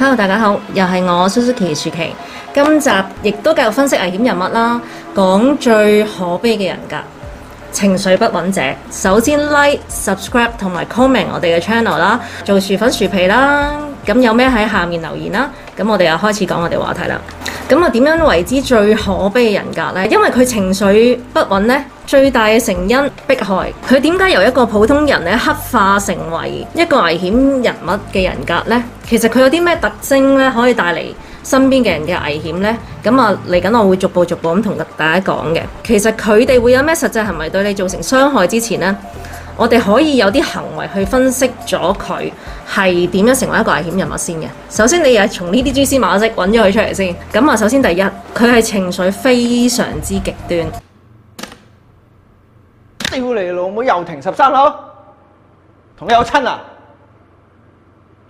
Hello 大家好，又係我 susukiki 薯琪。今集亦都繼續分析危險人物啦，講最可悲嘅人格，情緒不穩者。首先 like、subscribe 同埋 comment 我哋嘅 channel 啦，做薯粉薯皮啦。咁有咩喺下面留言啦。咁我哋又開始講我哋話題啦。咁啊，點樣為之最可悲嘅人格呢？因為佢情緒不穩呢。最大嘅成因迫害，佢點解由一個普通人咧黑化成為一個危險人物嘅人格呢？其實佢有啲咩特徵咧，可以帶嚟身邊嘅人嘅危險呢？咁啊，嚟緊我會逐步逐步咁同大家講嘅。其實佢哋會有咩實際行為對你造成傷害之前呢？我哋可以有啲行為去分析咗佢係點樣成為一個危險人物先嘅。首先，你又係從呢啲蛛絲馬跡揾咗佢出嚟先。咁啊，首先第一，佢係情緒非常之極端。屌你老母，又停十三樓，同你有親啊？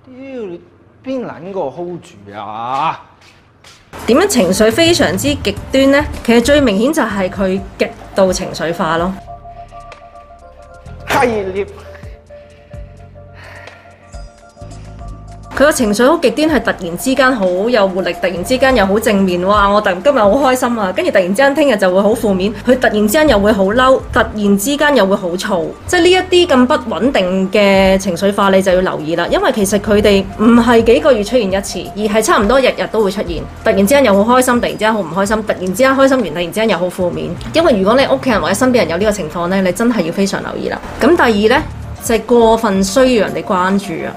屌你邊撚個 hold 住啊？點樣情緒非常之極端咧？其實最明顯就係佢極度情緒化咯。閪你！佢個情緒好極端，係突然之間好有活力，突然之間又好正面。哇！我突然今日好開心啊，跟住突然之間聽日就會好負面。佢突然之間又會好嬲，突然之間又會好躁。即係呢一啲咁不穩定嘅情緒化，你就要留意啦。因為其實佢哋唔係幾個月出現一次，而係差唔多日日都會出現。突然之間又好開心，突然之間好唔開心，突然之間開心完，突然之間又好負面。因為如果你屋企人或者身邊人有呢個情況咧，你真係要非常留意啦。咁第二咧就係過分需要人哋關注啊。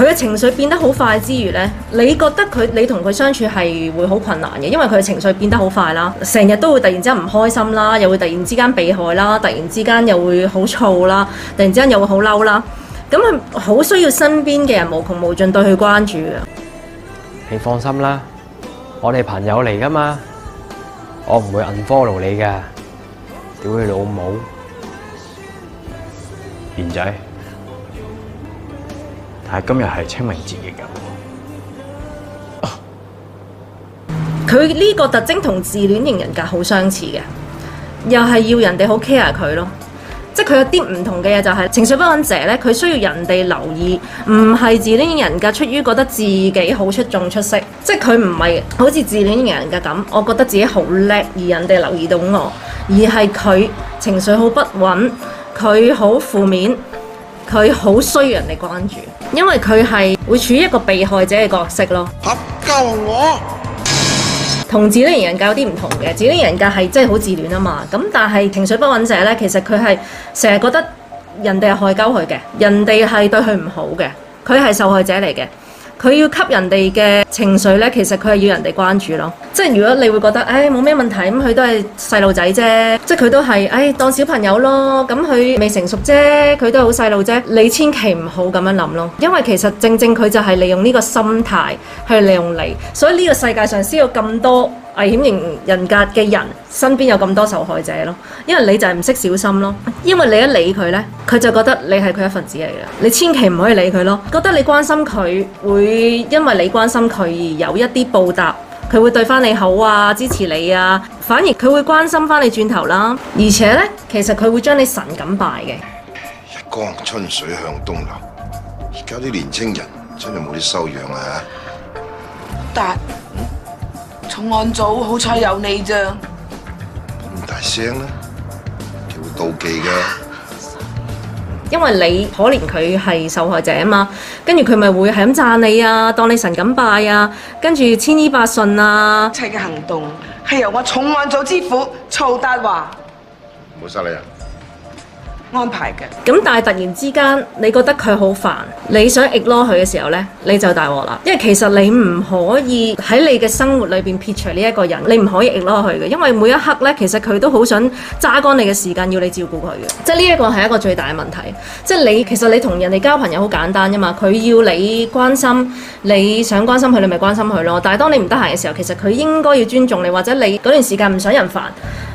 佢嘅情緒變得好快之餘呢，你覺得佢，你同佢相處係會好困難嘅，因為佢嘅情緒變得好快啦，成日都會突然之間唔開心啦，又會突然之間被害啦，突然之間又會好燥啦，突然之間又會好嬲啦，咁佢好需要身邊嘅人無窮無盡對佢關注嘅。你放心啦，我哋朋友嚟噶嘛，我唔會 unfollow 你嘅，屌你老母，賢仔。係今日係清明節嘅㗎，佢呢個特徵同自戀型人格好相似嘅，又係要人哋好 care 佢咯，即係佢有啲唔同嘅嘢就係情緒不穩者呢，佢需要人哋留意，唔係自戀型人格，出於覺得自己好出眾出色，即係佢唔係好似自戀型人格咁，我覺得自己好叻而人哋留意到我，而係佢情緒好不穩，佢好負面。佢好需要人哋關注，因為佢係會處於一個被害者嘅角色咯。救我！同自戀人格有啲唔同嘅，自戀人格係真係好自戀啊嘛。咁但係情緒不穩者呢，其實佢係成日覺得人哋係害鳩佢嘅，人哋係對佢唔好嘅，佢係受害者嚟嘅。佢要吸人哋嘅情緒呢，其實佢係要人哋關注咯。即係如果你會覺得，誒，冇咩問題，咁佢都係細路仔啫。即係佢都係，誒、哎、當小朋友咯。咁佢未成熟啫，佢都係好細路啫。你千祈唔好咁樣諗咯，因為其實正正佢就係利用呢個心態去利用你。所以呢個世界上先有咁多危險型人格嘅人身邊有咁多受害者咯，因為你就係唔識小心咯。因為你一理佢呢，佢就覺得你係佢一份子嚟嘅，你千祈唔可以理佢咯。覺得你關心佢，會因為你關心佢而有一啲報答，佢會對翻你好啊，支持你啊，反而佢會關心翻你轉頭啦。而且呢，其實佢會將你神咁拜嘅。一江春水向東流，而家啲年青人真係冇啲修養啊！但重案組好彩有你咋？咁大聲啊，叫妒忌噶， 因為你可憐佢係受害者啊嘛，跟住佢咪會係咁讚你啊，當你神咁拜啊，跟住千依百順啊，一切嘅行動係由我重案組之父曹達華，唔好犀利啊！安排嘅，咁但係突然之間你覺得佢好煩，你想 ignore 佢嘅時候呢，你就大鑊啦。因為其實你唔可以喺你嘅生活裏邊撇除呢一個人，你唔可以 ignore 佢嘅，因為每一刻呢，其實佢都好想揸乾你嘅時間，要你照顧佢嘅。即係呢一個係一個最大嘅問題。即係你其實你同人哋交朋友好簡單啫嘛，佢要你關心，你想關心佢，你咪關心佢咯。但係當你唔得閒嘅時候，其實佢應該要尊重你，或者你嗰段時間唔想人煩，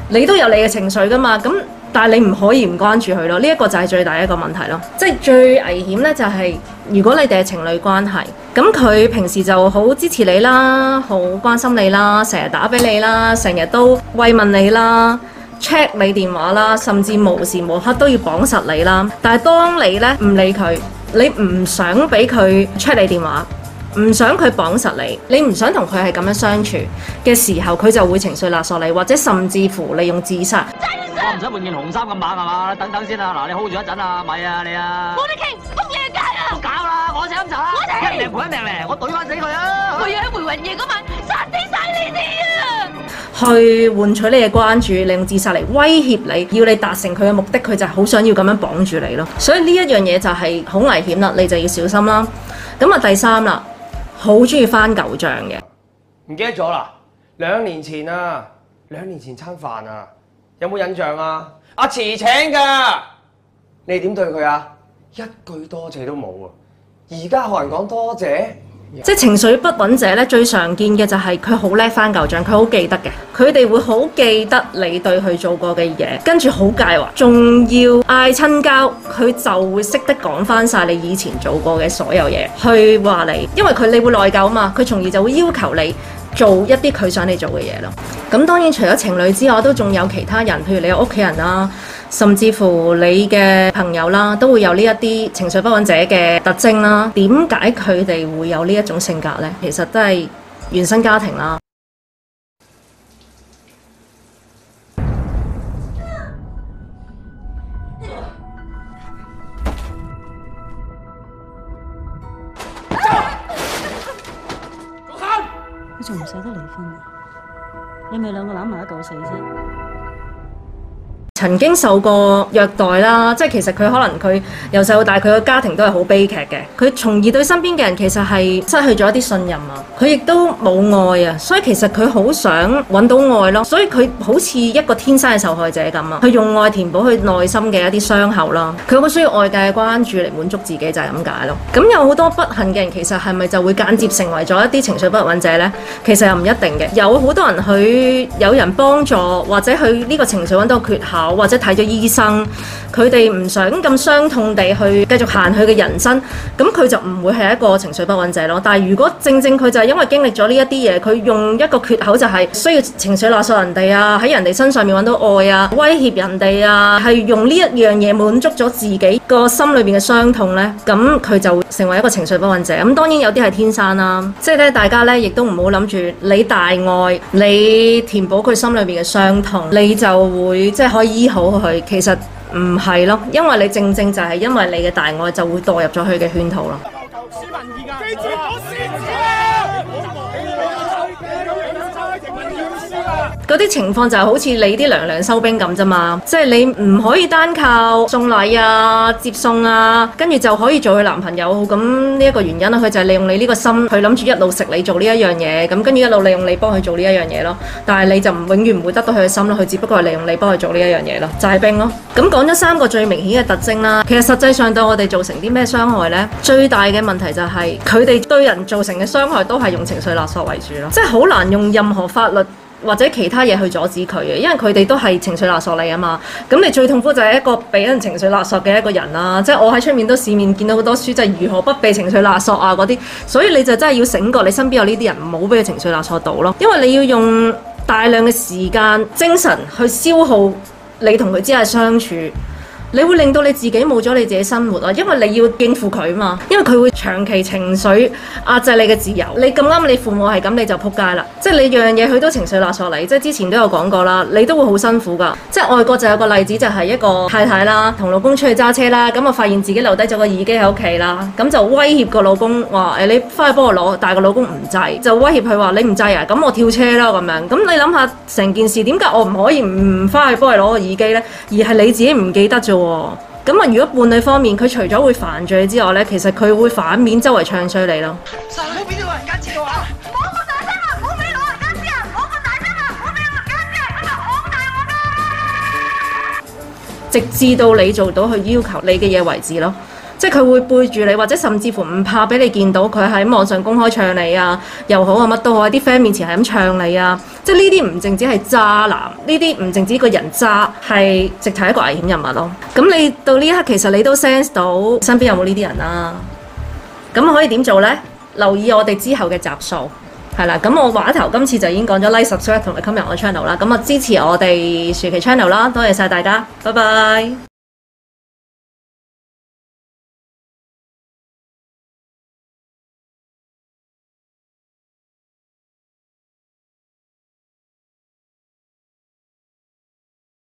你都有你嘅情緒噶嘛。咁、嗯但係你唔可以唔關注佢咯，呢一個就係最大一個問題咯。即係最危險呢，就係如果你哋係情侶關係，咁佢平時就好支持你啦，好關心你啦，成日打俾你啦，成日都慰問你啦，check 你電話啦，甚至無時無刻都要綁實你啦。但係當你呢，唔理佢，你唔想俾佢 check 你電話，唔想佢綁實你，你唔想同佢係咁樣相處嘅時候，佢就會情緒勒索你，或者甚至乎利用自殺。我唔使換件紅衫咁猛係嘛，等等先啦。嗱，你 hold 住一陣啊，咪啊你啊！冇得傾乜嘢計啊？我搞啦，我想走啦，一命換一命嚟，我懟翻死佢啊！我要喺回魂夜嗰晚殺死晒你哋啊！去換取你嘅關注，令自殺嚟威脅你，要你達成佢嘅目的，佢就係好想要咁樣綁住你咯。所以呢一樣嘢就係好危險啦，你就要小心啦。咁啊，第三啦，好中意翻舊賬嘅，唔記得咗啦，兩年前啊，兩年前餐飯啊。有冇印象啊？阿、啊、慈請㗎，你點對佢啊？一句多謝都冇啊。而家學人講多謝，即係情緒不穩者咧，最常見嘅就係佢好叻翻舊帳，佢好記得嘅。佢哋會好記得你對佢做過嘅嘢，跟住好介懷，仲要嗌親交，佢就會識得講翻晒你以前做過嘅所有嘢去話你，因為佢你會內疚啊嘛，佢從而就會要求你，做一啲佢想你做嘅嘢咯。咁當然除咗情侶之外，都仲有其他人，譬如你屋企人啦，甚至乎你嘅朋友啦，都會有呢一啲情緒不穩者嘅特徵啦。點解佢哋會有呢一種性格咧？其實都係原生家庭啦。仲唔捨得離婚啊？你咪兩個攬埋一嚿死啫。曾經受過虐待啦，即係其實佢可能佢由細到大佢個家庭都係好悲劇嘅，佢從而對身邊嘅人其實係失去咗一啲信任啊，佢亦都冇愛啊，所以其實佢好想搵到愛咯，所以佢好似一個天生嘅受害者咁啊，佢用愛填補佢內心嘅一啲傷口咯，佢好需要外界嘅關注嚟滿足自己就係咁解咯。咁有好多不幸嘅人，其實係咪就會間接成為咗一啲情緒不穩者呢？其實又唔一定嘅，有好多人佢有人幫助，或者佢呢個情緒揾到個缺陷。或者睇咗醫生，佢哋唔想咁傷痛地去繼續行佢嘅人生，咁佢就唔會係一個情緒不穩者咯。但係，如果正正佢就係因為經歷咗呢一啲嘢，佢用一個缺口就係需要情緒勒索人哋啊，喺人哋身上面揾到愛啊，威脅人哋啊，係用呢一樣嘢滿足咗自己個心裏邊嘅傷痛咧，咁佢就會成為一個情緒不穩者。咁當然有啲係天生啦，即係咧大家咧亦都唔好諗住你大愛你填補佢心裏邊嘅傷痛，你就會即係、就是、可以。醫好佢，其實唔係囉，因為你正正就係因為你嘅大愛，就會墮入咗佢嘅圈套囉。嗰啲情況就係好似你啲娘娘收兵咁啫嘛，即係你唔可以單靠送禮啊、接送啊，跟住就可以做佢男朋友咁，呢一個原因啦。佢就係利用你呢個心，佢諗住一路食你做呢一樣嘢，咁跟住一路利用你幫佢做呢一樣嘢咯。但係你就唔永遠唔會得到佢嘅心咯，佢只不過係利用你幫佢做呢一樣嘢咯，就係兵咯。咁講咗三個最明顯嘅特徵啦，其實實際上對我哋造成啲咩傷害呢？最大嘅問題就係佢哋對人造成嘅傷害都係用情緒勒索為主咯，即係好難用任何法律。或者其他嘢去阻止佢嘅，因為佢哋都係情緒勒索嚟啊嘛。咁你最痛苦就係一個俾人情緒勒索嘅一個人啦、啊。即係我喺出面都市面見到好多書就係、是、如何不被情緒勒索啊嗰啲。所以你就真係要醒覺，你身邊有呢啲人，唔好俾佢情緒勒索到咯。因為你要用大量嘅時間精神去消耗你同佢之間相處。你會令到你自己冇咗你自己生活啊，因為你要應付佢啊嘛，因為佢會長期情緒壓制你嘅自由。你咁啱你父母係咁，你就仆街啦。即係你樣嘢佢都情緒勒索你。即係之前都有講過啦，你都會好辛苦噶。即係外國就有個例子，就係一個太太啦，同老公出去揸車啦，咁啊發現自己留低咗個耳機喺屋企啦，咁就威脅個老公話：誒你翻去幫我攞，但係個老公唔制，就威脅佢話：你唔制啊，咁我跳車啦咁樣。咁你諗下成件事，點解我唔可以唔翻去幫佢攞個耳機呢？而係你自己唔記得啫。咁啊！如果伴侶方面，佢除咗會犯罪之外咧，其實佢會反面周圍唱衰你咯。唔好俾老人家知道啊！唔好咁大聲啊！唔好俾老人家知啊！唔好咁大聲啊！唔好俾老人家知啊！咁咪講大我噶。直至到你做到去要求你嘅嘢為止咯。即係佢會背住你，或者甚至乎唔怕俾你見到佢喺網上公開唱你啊，又好啊乜都好喎，啲 friend 面前係咁唱你啊！即係呢啲唔淨止係渣男，呢啲唔淨止個人渣，係直頭一個危險人物咯。咁你到呢一刻其實你都 sense 到身邊有冇呢啲人啦、啊。咁可以點做呢？留意我哋之後嘅集數係啦。咁我話頭今次就已經講咗 Like、Subscribe 同埋今日我 channel 啦。咁啊支持我哋薯琪 channel 啦，多謝晒大家，拜拜。